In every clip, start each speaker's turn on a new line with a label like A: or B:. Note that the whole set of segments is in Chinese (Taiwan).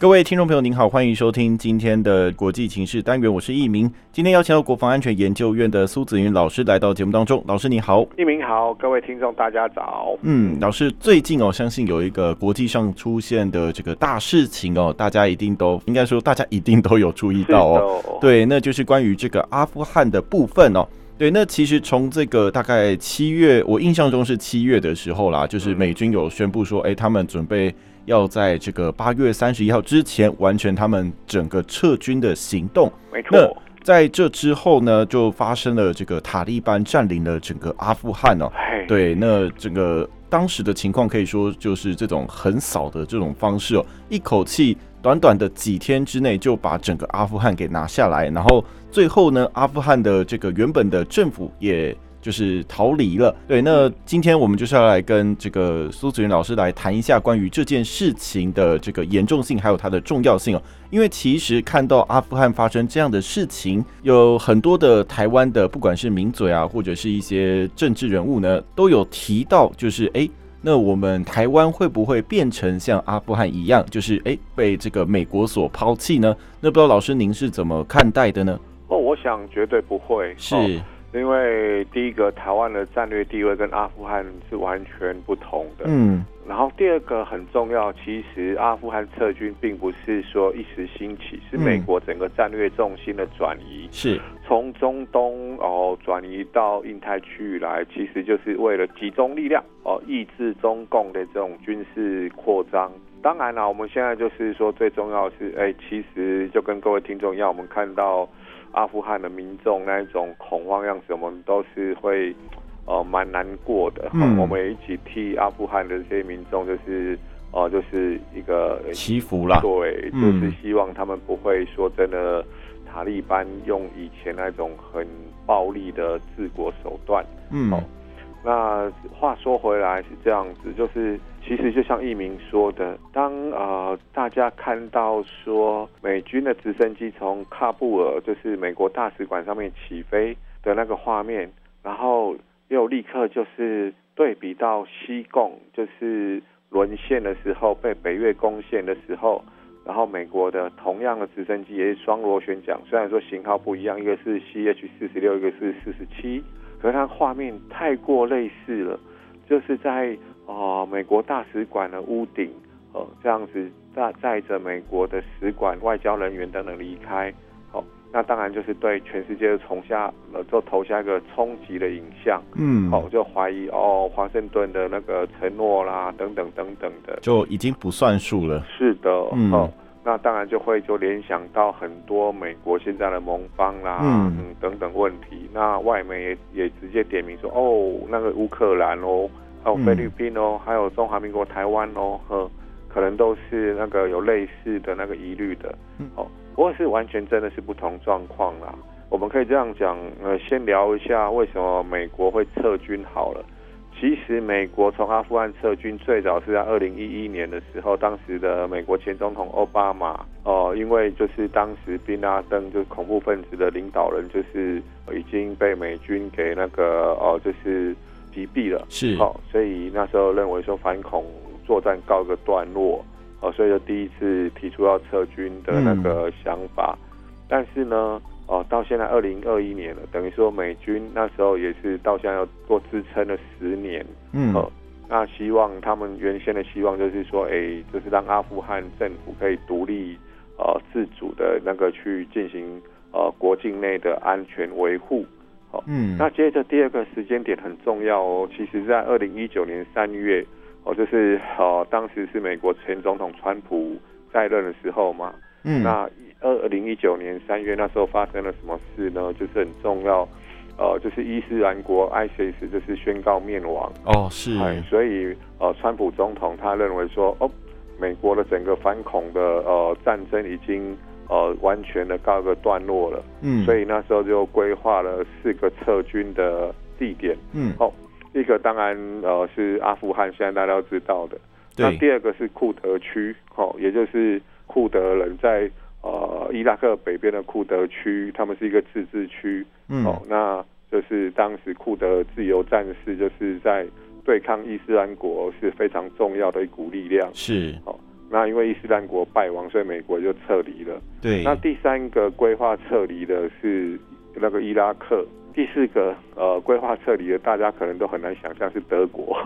A: 各位聽眾朋友，您好，歡迎收聽今天的國際情勢單元，我是一鳴。今天邀請到國防安全研究院的蘇紫雲老師來到節目當中。老師您好，
B: 一鳴好，各位聽眾大家早。嗯，
A: 老師，最近哦，相信有一個國際上出現的這個大事情哦，大家一定都應該說，大家一定都有注意到哦。對，那就是關於這個阿富汗的部分哦。對，那其實從這個大概七月，我印象中是七月的時候啦，就是美軍有宣布說，誒、欸，他們準備。要在這個八月三十一號之前完成他們整個撤軍的行動。沒錯，在這之後呢，就發生了這個塔利班佔領了整個阿富汗哦。對，那這個當時的情況可以說就是這種橫掃的這種方式哦，一口氣短短的幾天之內就把整個阿富汗給拿下來，然後最後呢，阿富汗的這個原本的政府也就是逃離了，對。那今天我們就是要來跟這個蘇紫雲老師來談一下關於這件事情的這個嚴重性，還有它的重要性啊、喔。因為其實看到阿富汗發生這樣的事情，有很多的台灣的，不管是名嘴啊，或者是一些政治人物呢，都有提到，就是哎、欸，那我們台灣會不會變成像阿富汗一樣，就是哎、欸，被這個美國所拋棄呢？那不知道老師您是怎麼看待的呢？
B: 哦，我想絕對不會。是。因為第一個，台灣的戰略地位跟阿富汗是完全不同的。嗯。然後第二個很重要，其實阿富汗撤軍並不是說一時興起，是美國整個戰略重心的轉移。嗯、是。從中東哦轉移到印太區域來，其實就是為了集中力量哦，抑制中共的這種軍事擴張。當然啦、啊，我們現在就是說最重要的是，哎，其實就跟各位聽眾一樣，我們看到。阿富汗的民眾那種恐慌樣子，我們都是會，呃，蠻難過的。嗯，我們也一起替阿富汗的這些民眾，就是，呃，就是一個祈福啦。對，就是希望他們不會說真的，嗯，塔利班用以前那種很暴力的治國手段。呃，嗯。那話說回來是這樣子，就是其實就像一明說的，當呃大家看到說美軍的直升機從喀布爾就是美國大使館上面起飛的那個畫面，然後又立刻就是對比到西貢就是淪陷的時候被北越攻陷的時候，然後美國的同樣的直升機也是雙螺旋槳，雖然說型號不一樣，一個是 CH 四十六，一個是四十七。可是它畫面太過類似了，就是在啊、呃、美國大使館的屋頂，呃這樣子帶載着美國的使館外交人員等等離開，好、呃，那當然就是對全世界的從下呃就投下一個衝擊的影像，嗯、呃，好就懷疑哦華、呃、盛頓的那個承諾啦等等等等的，就
A: 已經不算數了，
B: 是的，呃、嗯。那當然就會就聯想到很多美國現在的盟邦啦、
C: 啊，嗯
B: 等等問題。那外媒也也直接點名說，哦，那個烏克蘭哦，還、哦、有菲律賓哦，還有中華民國台灣哦，呵，可能都是那個有類似的那個疑慮的，哦，不過是完全真的是不同狀況啦。我們可以這樣講，呃，先聊一下為什麼美國會撤軍好了。其實美國從阿富汗撤軍最早是在二零一一年的時候，當時的美國前總統奧巴馬，哦、呃，因為就是當時賓拉登就是恐怖分子的領導人就是已經被美軍給那個哦、呃、就是擊斃了，是、呃，所以那時候認為說反恐作戰告一個段落，哦、呃，所以就第一次提出要撤軍的那個想法，嗯、但是呢。哦，到現在二零二一年了，等於說美軍那時候也是到現在要多支撐了十年，嗯，哦、那希望他們原先的希望就是說，哎、欸，就是讓阿富汗政府可以獨立，呃，自主的那個去進行呃國境內的安全維護、哦，嗯，那接着第二個時間點很重要哦，其實在二零一九年三月，哦，就是呃、哦、當時是美國前總統川普在任的時候嘛，嗯，那。二零一九年三月，那時候發生了什麼事呢？就是很重要，呃，就是伊斯蘭國 ISIS 就是宣告滅亡。
C: 哦，是、嗯。
B: 所以，呃，川普總統他認為說，哦，美國的整個反恐的呃戰爭已經呃完全的告一個段落
A: 了。嗯。所以
B: 那時候就規劃了四個撤軍的地點。嗯。哦，一個當然呃是阿富汗，現在大家都知道的。
C: 對。那第二
B: 個是庫德區，哦，也就是庫德人在。呃，伊拉克北邊的庫德區，他們是一個自治區。嗯，哦，那就是當時庫德自由戰士就是在對抗伊斯蘭國是非常重要的一股力量。是，哦，那因為伊斯蘭國敗亡，所以美國就撤離了。對，那第三個規劃撤離的是那個伊拉克。第四個呃，規劃撤離的，大家可能都很難想象是德國，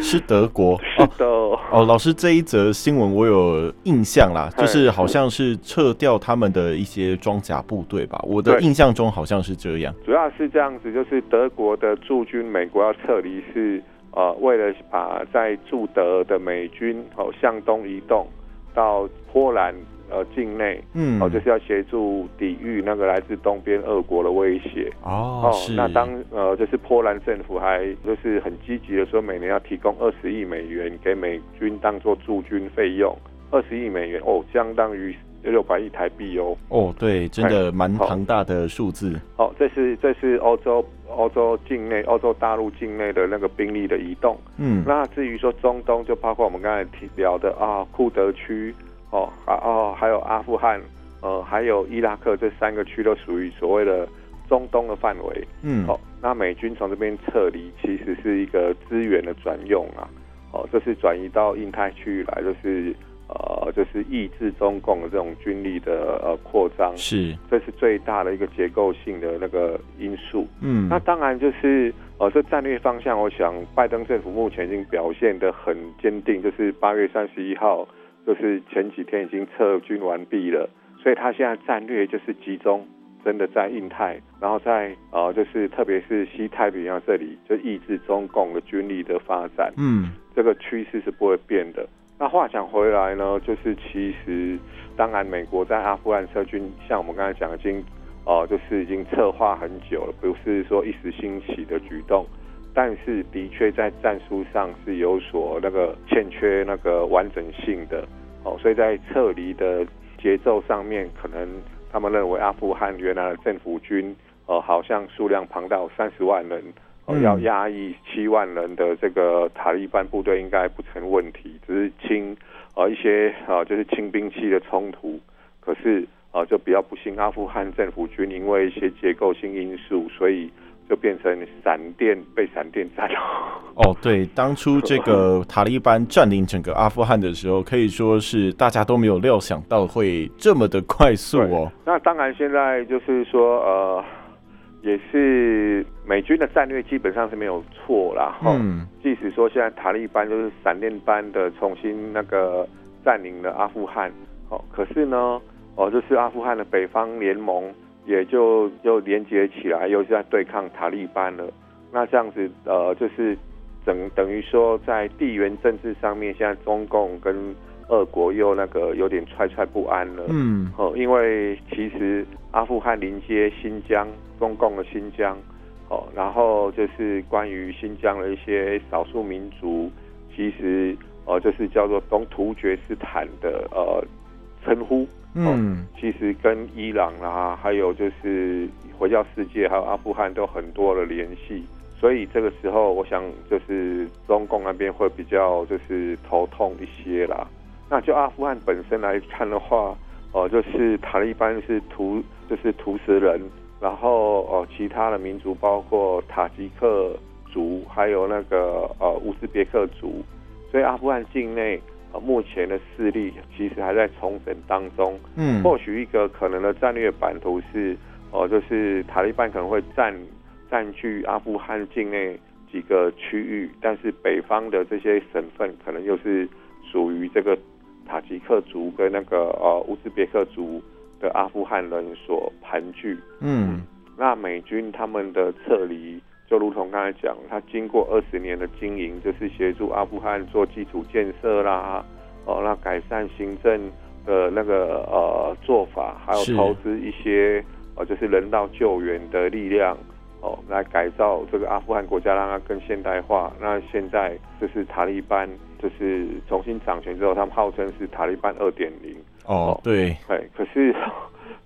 A: 是德國，哦、是，德國 是的哦。老師，這一則新聞我有印象啦，就是好像是撤掉他們的一些裝甲部隊吧，我的印象中好像是這樣，主要是這
B: 樣子，就是德國的駐軍，美國要撤離是，呃，為了把在駐德的美軍哦、呃、向東移動到波蘭。呃，境內，嗯，哦，就是要協助抵禦那個來自東邊俄國的威脅，
C: 哦，哦，是。
B: 那當呃，就是波蘭政府還就是很積極的說，每年要提供二十億美元給美軍當做駐軍費用，二十億美元，哦，相當於六百億台幣哦。
A: 哦，對，真的蠻龐大的數字。
B: 哎哦。哦，這是這是歐洲歐洲境內歐洲大陸境內的那個兵力的移動，嗯，那至於說中東，就包括我們剛才提聊的啊，庫德區。哦，啊哦，還有阿富汗，呃，還有伊拉克這三個區都屬於所謂的中東的範圍。嗯，好、哦，那美軍從這邊撤離，其實是一個資源的轉用啊。哦，這是轉移到印太區域來，就是呃，就是抑制中共的這種軍力的呃擴張。是，這是最大的一個結構性的那個因素。嗯，那當然就是呃，這戰略方向，我想拜登政府目前已經表現得很堅定，就是八月三十一號。就是前幾天已經撤軍完畢了，所以他現在戰略就是集中，真的在印太，然後在呃，就是特別是西太平洋這裡，就抑制中共的軍力的發展。嗯，這個趨勢是不會變的。那話講回來呢，就是其實當然美國在阿富汗撤軍，像我們剛才講的，已經呃，就是已經策劃很久了，不是說一時興起的舉動。但是的確在戰術上是有所那個欠缺那個完整性的，所以在撤離的節奏上面，可能他們認為阿富汗原來的政府軍，呃，好像數量龐大有三十萬人，
C: 要壓
B: 抑七萬人的這個塔利班部隊應該不成問題，只是輕、呃，一些、呃、就是輕兵器的衝突，可是啊、呃、就比較不幸，阿富汗政府軍因為一些結構性因素，所以。就變成閃電被閃電炸了。
A: 哦，對，當初這個塔利班佔領整個阿富汗的時候，可以說是大家都沒有料想到會這麼的快速哦。
B: 那當然，現在就是說，呃，也是美軍的戰略基本上是沒有錯啦。嗯，即使說現在塔利班就是閃電般的重新那個佔領了阿富汗，哦。可是呢，哦、呃，這、就是阿富汗的北方聯盟。也就又連接起來，又是在對抗塔利班了。那這樣子，呃，就是等等於說，在地緣政治上面，現在中共跟俄國又那個有點惴惴不安了。嗯，哦，因為其實阿富汗臨接新疆，中共的新疆，哦、呃，然後就是關於新疆的一些少數民族，其實呃，就是叫做東突厥斯坦的呃稱呼。嗯，其實跟伊朗啦、啊，還有就是回教世界，還有阿富汗都很多的聯繫，所以這個時候，我想就是中共那邊會比較就是頭痛一些啦。那就阿富汗本身來看的話，哦、呃，就是塔利班是屠，就是屠食人，然後哦、呃、其他的民族包括塔吉克族，還有那個呃烏茲別克族，所以阿富汗境內。呃，目前的勢力其實還在重整當中，嗯，或許一個可能的戰略版圖是，哦、呃，就是塔利班可能會佔佔據阿富汗境內幾個區域，但是北方的這些省份可能又是屬於這個塔吉克族跟那個呃烏茲別克族的阿富汗人所盤踞，
C: 嗯，
B: 那美軍他們的撤離。就如同剛才講，他經過二十年的經營，就是協助阿富汗做基礎建設啦，哦、呃，那改善行政的那個呃做法，還有投資一些哦、呃，就是人道救援的力量，哦、呃，來改造這個阿富汗國家，讓它更現代化。那現在就是塔利班，就是重新掌權之後，他們號稱是塔利班二點零。
C: 哦，對，對，
B: 可是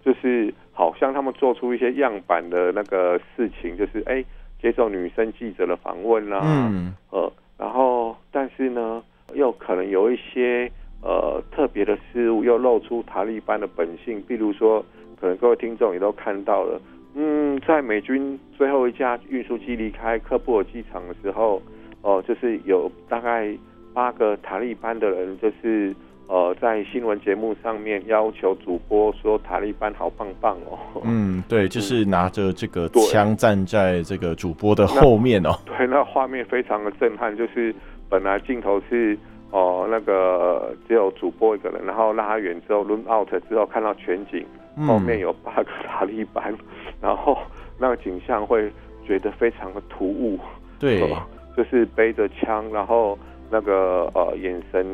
B: 就是好像他們做出一些樣板的那個事情，就是哎。欸，接受女生記者的訪問啦、啊嗯，呃，然後但是呢，又可能有一些呃特別的事物又露出塔利班的本性，比如說，可能各位聽眾也都看到了，嗯，在美軍最後一架運輸機離開喀布爾機場的時候，哦、呃，就是有大概八個塔利班的人，就是。呃，在新聞節目上面要求主播說，塔利班好棒棒哦。嗯，
A: 對，就是拿着這個槍站在這個主播的後面哦。嗯、
B: 對，那畫面非常的震撼，就是本來鏡頭是哦、呃、那個只有主播一個人，然後拉遠之後，run out、嗯、之後看到全景，後面有八個塔利班，然後那個景象，會覺得非常的突兀。對，呃、就是背着槍，然後那個呃眼神。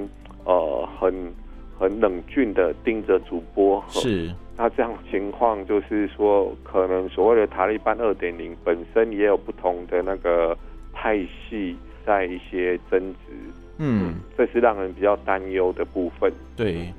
B: 呃，很很冷峻的盯着主播，呃、是那這樣情況，就是說，可能所謂的塔利班二點零本身也有不同的那個派系在一些爭執，嗯，嗯，這是讓人比較擔憂的部分。
A: 對，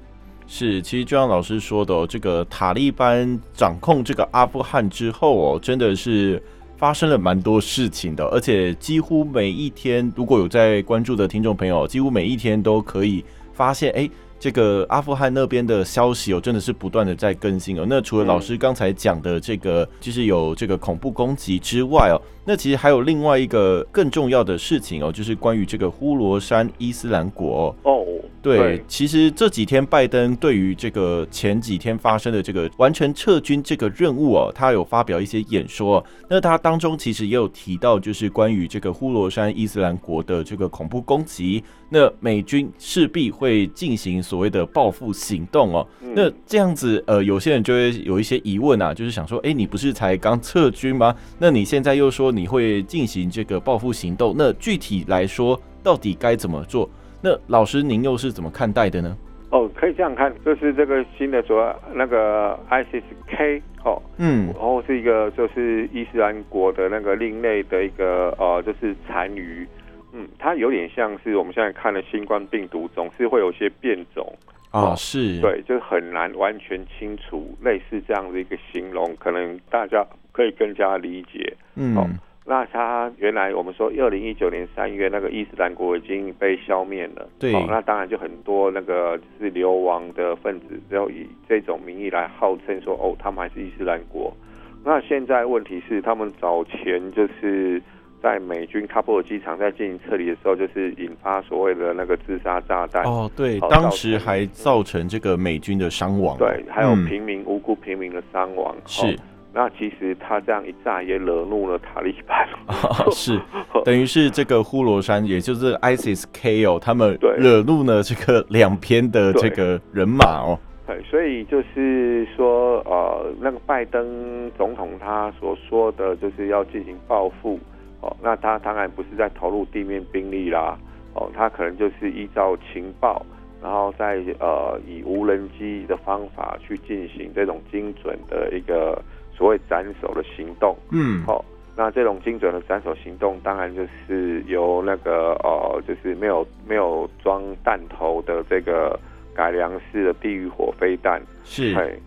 A: 是其實就像老師說的、哦，這個塔利班掌控這個阿富汗之後哦，真的是。發生了蠻多事情的，而且幾乎每一天，如果有在關注的聽眾朋友，幾乎每一天都可以發現，誒、欸，這個阿富汗那邊的消息哦，真的是不斷的在更新哦。那除了老師剛才講的這個，就是有這個恐怖攻擊之外哦。那其實還有另外一個更重要的事情哦，就是關於這個呼羅珊伊斯蘭國哦、oh。對，其實這幾天拜登對於這個前幾天發生的這個完成撤軍這個任務哦，他有發表一些演說。那他當中其實也有提到，就是關於這個呼羅珊伊斯蘭國的這個恐怖攻擊，那美軍勢必會進行所謂的報復行動哦。那這樣子，呃，有些人就會有一些疑問啊，就是想說，哎、欸，你不是才剛撤軍嗎？那你現在又說？你會進行這個報復行動？那具體來說，到底該怎麼做？那老師您又是怎麼看待的呢？
B: 哦，可以這樣看，就是這個新的主要那個 ISIS-K，哦，嗯，然後是一個就是伊斯蘭國的那個另類的一個呃，就是殘餘，嗯，它有點像是我們現在看的新冠病毒，總是會有些變種。啊、哦哦，是對，就是很難完全清除。類似這樣的一個形容，可能大家可以更加理解。嗯、哦，那他原來我們說，二零一九年三月那個伊斯蘭國已經被消滅了，對、哦，那當然就很多那個就是流亡的分子，就以這種名義來號稱說，哦，他們還是伊斯蘭國。那現在問題是，他們早前就是。在美軍喀布爾機場在進行撤離的時候，就是引發所謂的那個自殺炸彈。哦，對，當時
A: 還造成這個美軍的傷亡、嗯，對，還有平
B: 民、嗯、無辜平民的傷亡。是、哦，那其實他這樣一炸，也惹怒了塔利
A: 班，哦、是， 等於是這個呼羅山， 也就是 ISIS-K、哦、他們惹怒了這個兩邊的這個人馬哦。
B: 對，所以就是說，呃，那個拜登總統他所說的就是要進行報復。哦，那他當然不是在投入地面兵力啦，哦，他可能就是依照情報，然後再呃以無人機的方法去進行這種精準的一個所謂斬首的行動。嗯，好，哦，那這種精準的斬首行動，當然就是由那個呃，就是沒有沒有裝彈頭的這個改良式的地獄火飛彈，是，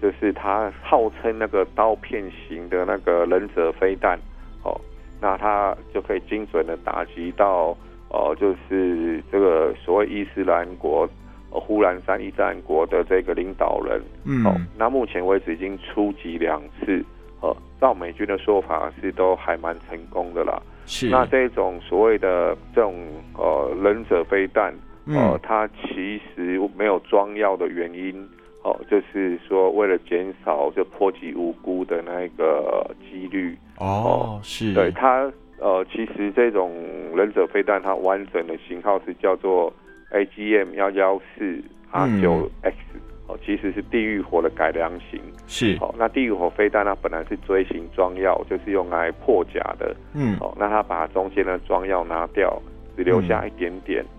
B: 就是他號稱那個刀片型的那個忍者飛彈，哦。那他就可以精準的打擊到，呃，就是這個所謂伊斯蘭國、呃，呼羅珊伊斯蘭國的這個領導人。嗯，哦、那目前為止已經出擊兩次，呃，照美軍的說法是都還蠻成功的啦。
C: 是，那
B: 這種所謂的這種呃忍者飛彈，呃、嗯，它其實沒有裝藥的原因。哦，就是說為了減少就波及無辜的那一個幾率。
C: Oh, 哦，是。對
B: 它呃，其實這種忍者飛彈它完整的型號是叫做 A G M 幺幺四 R 九 X。嗯。哦，其實是地獄火的改良型。是。哦，那地獄火飛彈它本來是錐形裝藥，就是用來破甲的。
A: 嗯。哦，
B: 那它把它中間的裝藥拿掉，只留下一點點。嗯嗯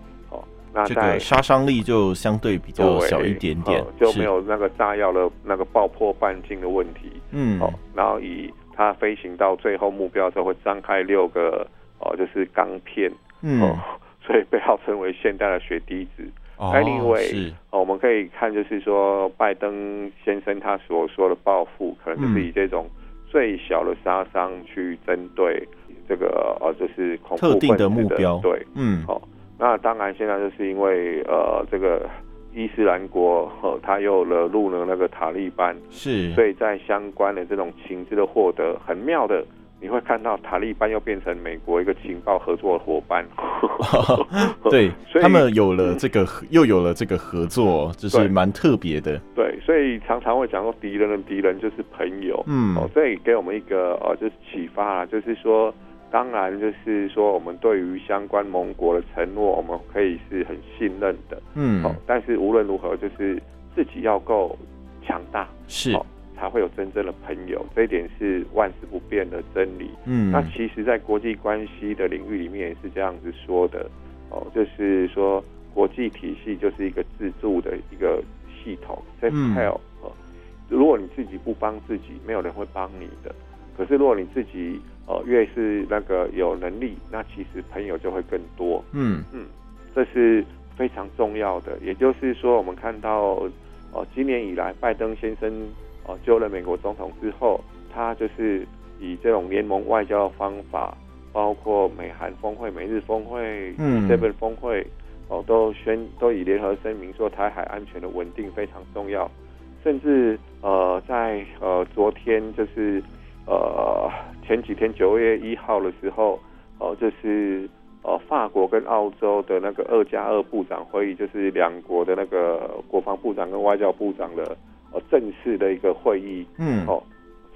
B: 那這個殺
A: 傷力就相對比較小一點點，哦、就沒有
B: 那個炸藥的那個爆破半徑的問題。嗯，
A: 好、
B: 哦，然後以它飛行到最後目標時候會張開六個哦，就是鋼片。嗯，哦、所以被號稱為現代的血滴子。
C: 哦，以為是。另、
B: 哦、外，我們可以看就是說，拜登先生他所說的報復，可能就是以這種最小的殺傷去針對這個呃、哦哦，就是恐怖分子特定的目標。對，嗯，好、哦。那當然，現在就是因為呃，這個伊斯蘭國、呃、他又惹怒了那個塔利班，是，所以在相關的這種情報的獲得，很妙的，你會看到塔利班又變成美國一個情報合作的夥伴，哦。
C: 對，
A: 所以他們有了這個、嗯，又有了這個合作，就是蠻特別的
B: 對。對，所以常常會講說，敵人的敵人就是朋友。嗯，哦、呃，所以也給我們一個呃，就是啟發，就是說。當然，就是說，我們對於相關盟國的承諾，我們可以是很信任的，
C: 嗯。
B: 但是無論如何，就是自己要夠強大，是才會有真正的朋友。這一點是萬事不變的真理。嗯。那其實，在國際關係的領域裡面，也是這樣子說的。哦，就是說，國際體系就是一個自助的一個系統。
C: self-help。
B: 哦。如果你自己不幫自己，沒有人會幫你的。可是如果你自己，呃、越是那個有能力，那其實朋友就會更多。嗯嗯，這是非常重要的。也就是說，我們看到、呃、今年以來拜登先生哦、呃、就任美國總統之後，他就是以這種聯盟外交的方法，包括美韓峰會、美日峰會、嗯，這份峰會哦、呃、都宣都以聯合聲明說台海安全的穩定非常重要，甚至呃在呃昨天就是。呃，前幾天九月一號的時候，哦、呃，就是呃，法國跟澳洲的那個二加二部長會議，就是兩國的那個國防部長跟外交部長的呃正式的一個會議。嗯。哦，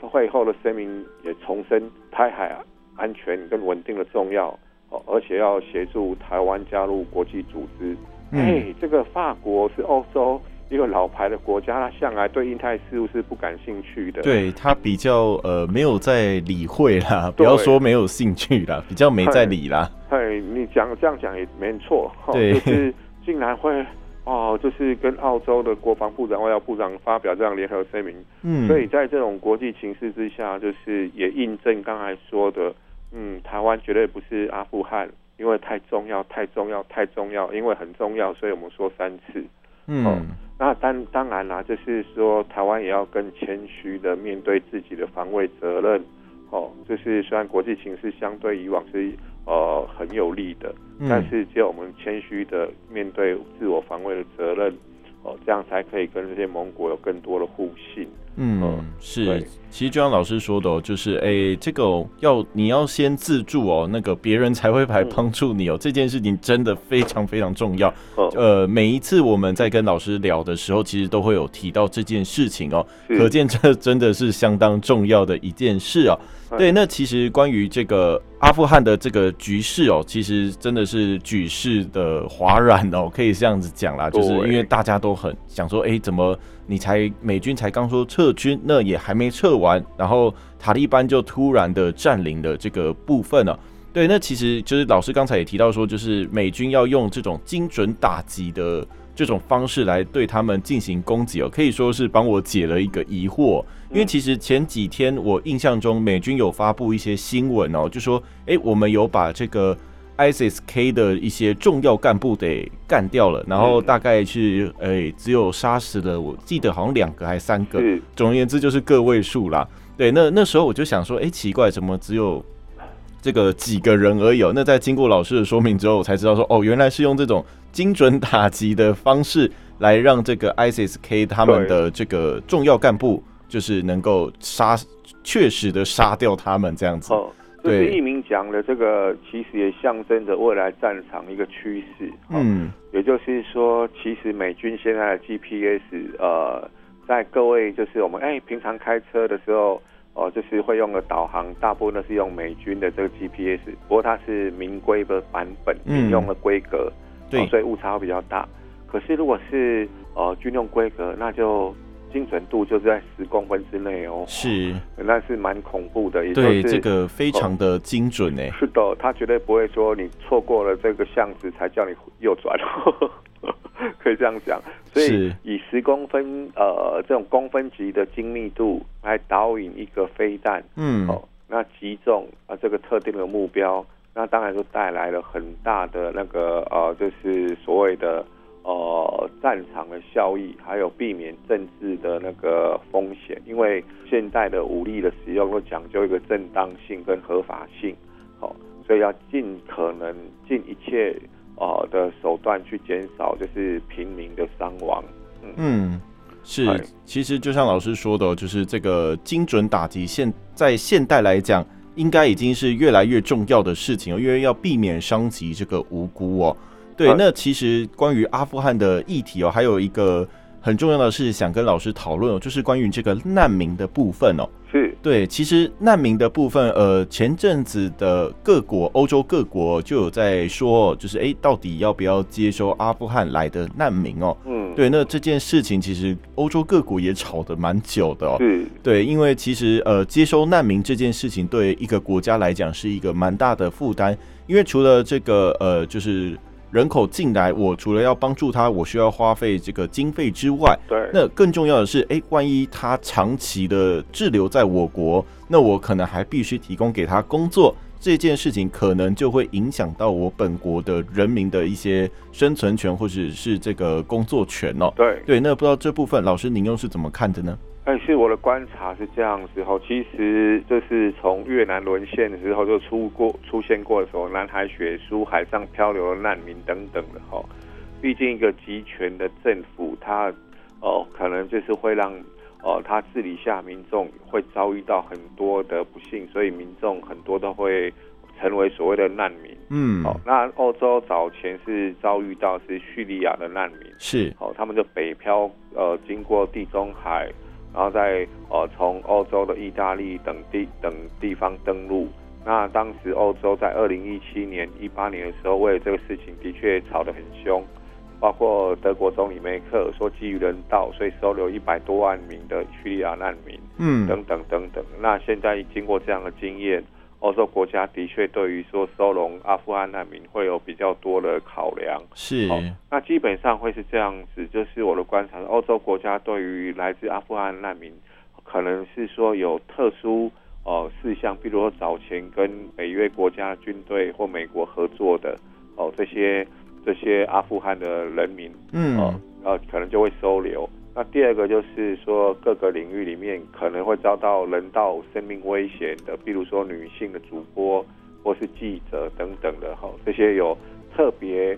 B: 會後的聲明也重申台海安全跟穩定的重要，哦、呃，而且要協助台灣加入國際組織。
C: 哎、
A: 嗯欸，
B: 這個法國是歐洲，一個老牌的國家，他向來對印太事務是不感興趣的。對，
A: 他比較、嗯、呃沒有在理會啦，不要說沒有興趣啦，比較沒在理啦。
B: 對，你講這樣講也沒錯，對、喔，就是竟然會哦、喔，就是跟澳洲的國防部長外交部長發表這樣聯合聲明。嗯，所以在這種國際情勢之下，就是也印證剛才說的，嗯，台灣絕對不是阿富汗，因為太重要，太重要，太重要，因為很重要，所以我們說三次，嗯。喔那但當然啦、啊，就是說台灣也要更謙虛的面對自己的防衛責任。哦，就是雖然國際情勢相對以往是呃很有利的，但是只有我們謙虛的面對自我防衛的責任，哦，這樣才可以跟這些盟國有更多的互
C: 信、
A: 哦。嗯，是。對其實就像老師說的哦，就是哎、欸，這個要你要先自助哦，那個別人才會來幫助你哦。這件事情真的非常非常重要。呃，每一次我們在跟老師聊的時候，其實都會有提到這件事情哦，可見這真的是相當重要的一件事哦。對，那其實關於這個阿富汗的這個局勢哦，其實真的是舉世的嘩然哦，可以這樣子講啦，就是因為大家都很想說，哎、欸，怎麼你才美軍才剛說撤軍，那也還沒撤。完，然後塔利班就突然的佔領了這個部分了啊。對，那其實就是老師剛才也提到說，就是美軍要用這種精準打擊的這種方式來對他們進行攻擊哦，可以說是幫我解了一個疑惑。因為其實前幾天我印象中美軍有發布一些新聞哦，就說誒，我們有把這個。ISIS K 的一些重要幹部給幹掉了，然後大概是誒、欸，只有殺死了，我記得好像兩個還是三個，總而言之就是個位數啦。對，那那時候我就想說，哎、欸，奇怪，怎麼只有這個幾個人而已，喔？那在經過老師的說明之後，我才知道說，哦、喔，原來是用這種精準打擊的方式來讓這個 ISIS K 他們的這個重要幹部，就是能夠殺確實的殺掉他們這樣子。就是一
B: 鳴講的這個，其實也象徵着未來戰場一個趨勢。
A: 嗯，
B: 也就是說，其實美軍現在的 GPS，呃，在各位就是我們哎、欸，平常開車的時候，呃，就是會用的導航，大部分都是用美軍的這個 GPS，不過它是民規的版本，民、嗯、用的規格，對，呃、所以誤差會比較大。可是如果是呃軍用規格，那就。精準度就是在十公分之內哦，是，那是蠻恐怖的，對，也就是、這個非常
A: 的精準呢。是、
B: 哦、的，他絕對不會說你錯過了這個巷子才叫你右轉，可以這樣講。所以以十公分呃這種公分級的精密度來導引一個飛彈，
C: 嗯，哦，
B: 那擊中啊、呃、這個特定的目標，那當然就帶來了很大的那個呃，就是所謂的。呃，戰場的效益，還有避免政治的那個風險，因為現代的武力的使用會講究一個正當性跟合法性，好，哦，所以要盡可能盡一切呃的手段去減少就是平民的傷亡。嗯，
A: 嗯，是，其實就像老師說的，就是這個精準打擊，現在，在現代來講，應該已經是越來越重要的事情，因為要避免傷及這個無辜哦。對，那其實關於阿富汗的議題哦，還有一個很重要的事想跟老師討論哦，就是關於這個難民的部分哦。是，對，其實難民的部分，呃，前陣子的各國歐洲各國就有在說，就是哎，到底要不要接收阿富汗來的難民哦？嗯，對，那這件事情其實歐洲各國也吵得蠻久的哦。對，因為其實呃，接收難民這件事情對一個國家來講是一個蠻大的負擔，因為除了這個呃，就是。人口進來，我除了要幫助他，我需要花費這個經費之外，對，那更重要的是，欸，萬一他長期的滯留在我國，那我可能還必須提供給他工作，這件事情可能就會影響到我本國的人民的一些生存權或者是這個工作權喔。對對，那不知道這部分老師您又是怎麼看的呢？
B: 但是我的觀察是這樣子，時候其實就是從越南淪陷的時候就出過出現過的時候，南海血書、海上漂流的難民等等的哈。畢竟一個極權的政府，它哦、呃，可能就是會讓哦，他、呃、治理下民眾會遭遇到很多的不幸，所以民眾很多都會成為所謂的難民。
A: 嗯，好、呃，
B: 那歐洲早前是遭遇到是敘利亞的難民，
A: 是哦、呃，他們
B: 就北漂呃，經過地中海。然後在呃，從歐洲的意大利等地等地方登陸。那當時歐洲在二零一七年、一八年的時候，為了這個事情的確吵得很凶，包括德國總理梅克爾說基於人道，所以收留一百多萬名的敘利亞難民、
C: 嗯，等
B: 等等等。那現在經過這樣的經驗。歐洲國家的確對於說收容阿富汗難民會有比較多的考量，
C: 是。哦、
B: 那基本上會是這樣子，就是我的觀察，歐洲國家對於來自阿富汗難民，可能是說有特殊哦、呃、事項，比如說早前跟北約國家的軍隊或美國合作的哦、呃、這些這些阿富汗的人民，嗯，呃，可能就會收留。那第二個就是說，各個領域裡面可能會遭到人道生命危險的，比如說女性的主播或是記者等等的，哈，這些有特別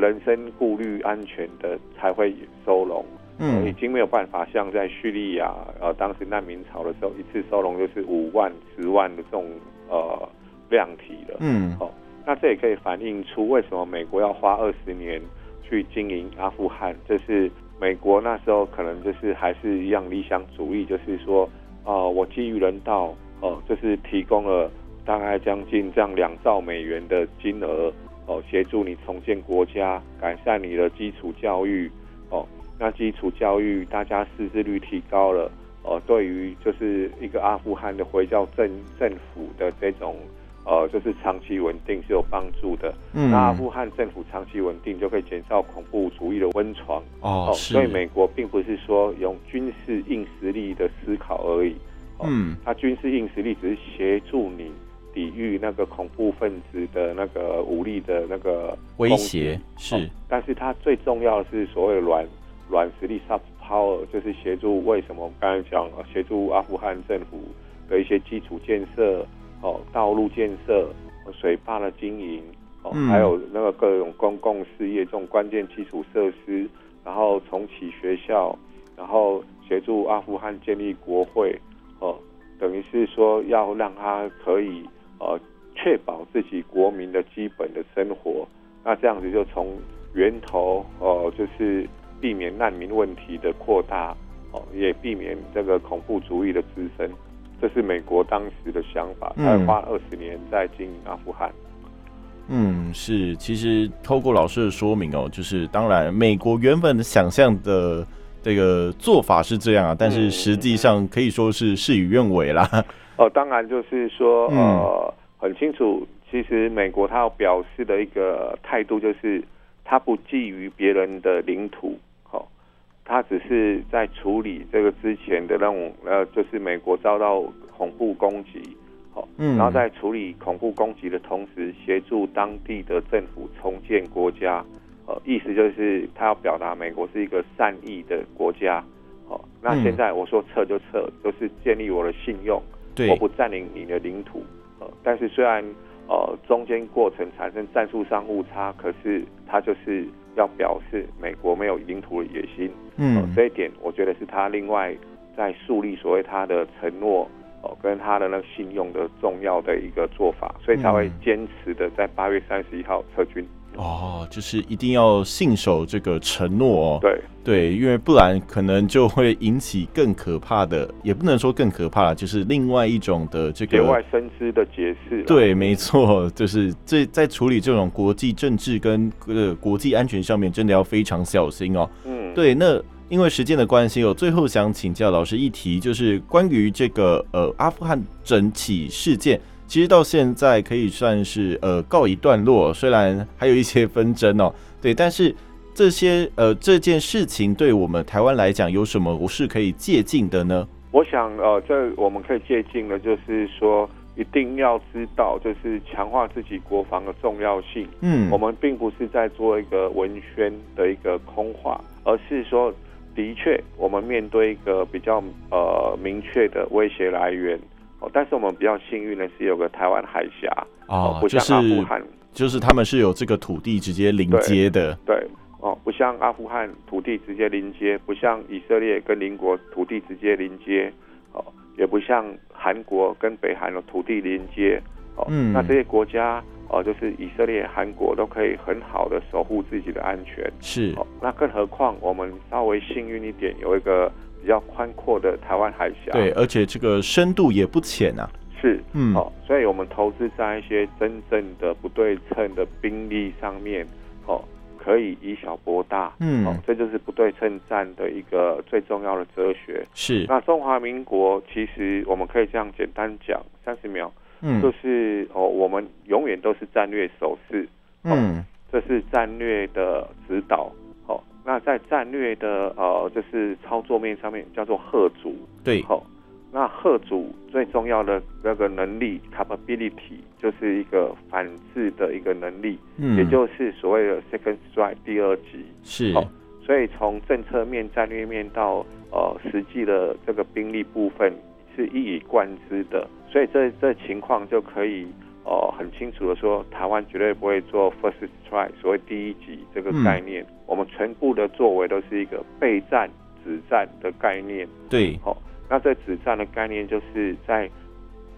B: 人身顧慮、安全的才會收容。嗯，已經沒有辦法像在敘利亞，呃，當時難民潮的時候，一次收容就是五萬、十萬的這種呃量體了。嗯，那這也可以反映出為什麼美國要花二十年去經營阿富汗，這，就是。美國那時候可能就是還是一樣理想主義，就是說，哦、呃，我基於人道，哦、呃，就是提供了大概將近這樣兩兆美元的金額，哦、呃，協助你重建國家，改善你的基礎教育，哦、呃，那基礎教育大家識字率提高了，呃，對於就是一個阿富汗的回教政政府的這種。呃，就是長期穩定是有幫助的、嗯。那阿富汗政府長期穩定，就可以減少恐怖主義的溫床。
C: 哦、呃，所以美
B: 國並不是說用軍事硬實力的思考而已。呃、嗯，它軍事硬實力只是協助你抵禦那個恐怖分子的那個武力的那個擊
A: 威脅是、
B: 呃。但是它最重要的是所謂的軟軟實力 s u f power），就是協助，為什麼剛才講呃，協助阿富汗政府的一些基礎建設。哦，道路建設、水壩的經營，
C: 哦，還有
B: 那個各種公共事業這種關鍵基礎設施，然後重啟學校，然後協助阿富汗建立國會，哦，等於是說要讓他可以呃確保自己國民的基本的生活，那這樣子就從源頭哦，就是避免難民問題的擴大，哦，也避免這個恐怖主義的滋生。這是美國當時的想法，他花二十年在
C: 經營阿富汗
A: 嗯。嗯，是，其實透過老師的說明哦，就是當然美國原本的想象的這個做法是這樣啊，但是實際上可以說是事與願違啦。嗯、
B: 哦，當然就是說，呃，很清楚，其實美國他要表示的一個態度就是，他不覬覦別人的領土。他只是在處理這個之前的任務，呃，就是美國遭到恐怖攻擊，好，嗯，然後在處理恐怖攻擊的同時，協助當地的政府重建國家，呃，意思就是他要表達美國是一個善意的國家，好，呃，那現在我說撤就撤，就是建立我的信用，對，我不占領你的領土，呃，但是雖然呃中間過程產生戰術上誤差，可是他就是。要表示美國沒有領土的野心，嗯、呃，這一點我覺得是他另外在樹立所謂他的承諾，哦、呃、跟他的那個信用的重要的一個做法，所以他會堅持的在八月三十一號撤軍。嗯
A: 哦，就是一定要信守這個承諾哦。對對，因為不然可能就會引起更可怕的，也不能說更可怕，就是另外一種的這個。節外
C: 生枝的解釋。對，
A: 沒錯，就是這在，在處理這種國際政治跟呃國際安全上面，真的要非常小心哦。嗯，對，那因為時間的關係，我最後想請教老師一題，就是關於這個呃阿富汗整起事件。其實到現在可以算是呃告一段落，雖然還有一些紛爭哦，對，但是這些呃這件事情對我們台灣來講有什麼是可以借鏡的呢？
B: 我想呃，這我們可以借鏡的，就是說一定要知道，就是強化自己國防的重要性。嗯，我們並不是在做一個文宣的一個空話，而是說的確我們面對一個比較呃明確的威脅來源。但是我們比較幸運的是有個台灣海峽，
A: 哦、不像阿富汗，就是，就是他們是有這個土地直接臨接的。對。
B: 對，哦，不像阿富汗土地直接臨接，不像以色列跟鄰國土地直接臨接，哦，也不像韓國跟北韓的土地臨接，
C: 哦。嗯，那這些
B: 國家哦，就是以色列、韓國都可以很好的守護自己的安全。是，哦、那更何況我們稍微幸運一點，有一個。比較寬闊的台灣海峽，對，而且
A: 這個深度也不淺啊，
B: 是，嗯，哦，所以我們投資在一些真正的不對稱的兵力上面，哦，可以以小博大，嗯，這、哦、就是不對稱戰的一個最重要的哲學，是。那中華民國其實我們可以這樣簡單講三十秒，嗯，就是哦，我們永遠都是戰略守勢、
C: 哦，嗯，
B: 這是戰略的指導。那在戰略的呃，就是操作面上面叫做嚇阻，對，好、哦，那嚇阻最重要的那個能力 capability，嗯、就是一個反制的一個能力，嗯，也就是所謂的 second strike 第二擊。是，哦、所以從政策面、戰略面到呃實際的這個兵力部分是一以貫之的，所以這這情況就可以。哦、呃，很清楚的說，台灣絕對不會做 first strike，所謂第一擊這個概念、嗯。我們全部的作為都是一個備戰止戰的概念。對。好、哦，那這止戰的概念，就是在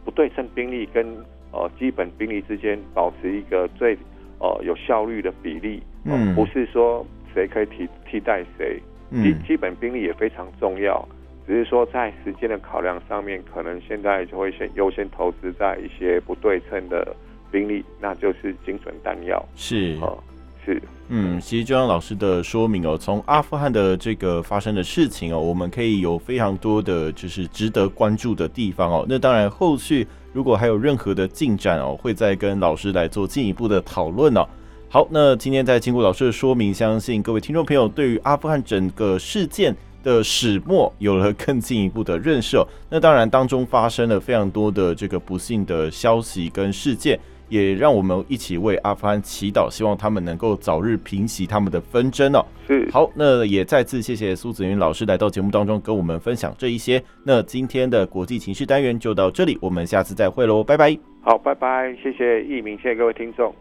B: 不對稱兵力跟呃基本兵力之間保持一個最呃有效率的比例。嗯。
C: 呃、不是
B: 說誰可以替替代誰。基、嗯、基本兵力也非常重要。只是說，在時間的考量上面，可能現在就會先優先投資在一些不對稱的兵力，那就是精準彈藥。
A: 是、嗯、是。嗯，其實就像老師的說明哦、喔，從阿富汗的這個發生的事情哦、喔，我們可以有非常多的就是值得關注的地方哦、喔。那當然，後續如果還有任何的進展哦、喔，會再跟老師來做進一步的討論哦。好，那今天再經過老師的說明，相信各位聽眾朋友對於阿富汗整個事件，的始末有了更進一步的認識，哦，那當然當中發生了非常多的這個不幸的消息跟事件，也讓我們一起為阿富汗祈禱，希望他們能夠早日平息他們的紛爭哦。是，好，那也再次謝謝蘇紫雲老師來到節目當中跟我們分享這一些。那今天的國際情勢單元就到這裡，我們下次再會嘍，拜拜。
B: 好，拜拜，謝謝易明，謝謝各位聽眾。